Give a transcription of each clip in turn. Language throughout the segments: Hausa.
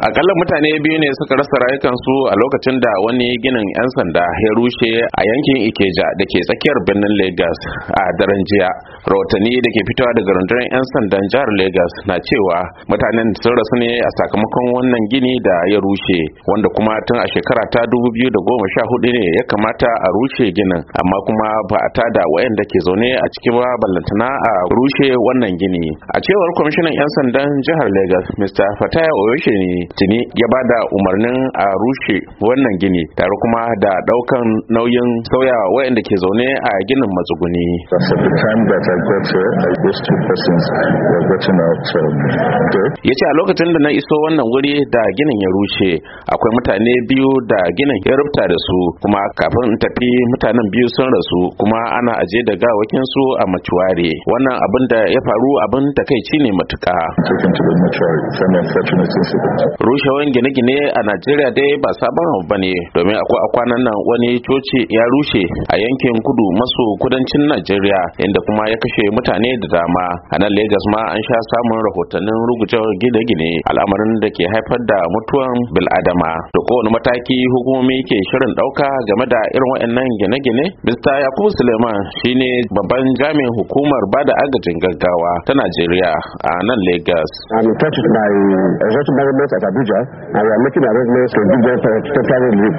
akalla mutane biyu ne suka rasa rayukansu a lokacin da wani ginin 'yan sanda ya rushe a yankin ikeja da ke tsakiyar birnin lagos a daren jiya rahotanni da ke fitowa daga rundunar 'yan sandan jihar lagos na cewa mutanen sun rasu ne a sakamakon wannan gini da ya rushe wanda kuma tun a shekara ta hudu ne ya kamata a rushe ginin amma kuma ba a tada wayanda ke zaune a cikin ba ballantana a rushe wannan gini a cewar kwamishinan 'yan sandan jihar lagos mr fataya oyoshe ne tuni ya ba da umarnin a rushe wannan gini tare kuma da daukan nauyin sauya wayanda ke zaune a ginin matsuguni um, ya ce a lokacin da na iso wannan wuri da ginin ya rushe akwai mutane biyu da ginin ya rubuta da su kuma kafin tafi mutanen biyu sun rasu kuma ana aje da gawakin a maciware wannan abin da ya faru abin takaici ne matuka rushewan gine-gine a najeriya dai ba sabon abu bane domin akwai a kwanan nan wani coci ya rushe a yankin kudu maso kudancin najeriya inda kuma ya kashe mutane da dama a nan Legas ma an sha samun rahotannin rugujewar gine-gine al'amarin da ke haifar da mutuwan bil'adama da kowane mataki hukumomi ke shirin ɗauka game da irin waɗannan gine-gine Mr. Yakubu Suleiman shine babban jami'in hukumar bada agajin gaggawa ta Najeriya a nan Legas. Abuja, and we are making arrangements to give them temporary relief.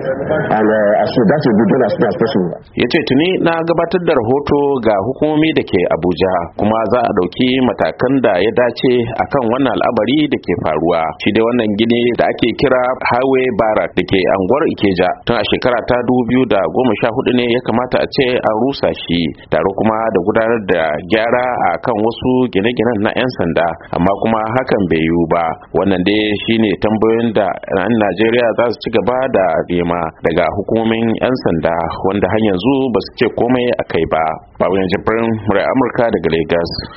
And uh, as that will be as soon as possible. Yace tuni na gabatar da rahoto ga hukumomi da ke Abuja, kuma za a ɗauki matakan da ya dace akan wannan al'amari da ke faruwa. Shi dai wannan gini da ake kira Highway Barak da ke anguwar Ikeja tun a shekara ta hudu ne ya kamata a ce an rusa shi tare kuma da gudanar da gyara a kan wasu gine-ginen na 'yan sanda amma kuma hakan bai yiwu ba wannan dai shine tambayoyin da 'yan najeriya za su ci gaba da nema daga hukumomin 'yan sanda wanda har yanzu ba su ce komai a kai ba babu yanzu birnin amurka daga lagos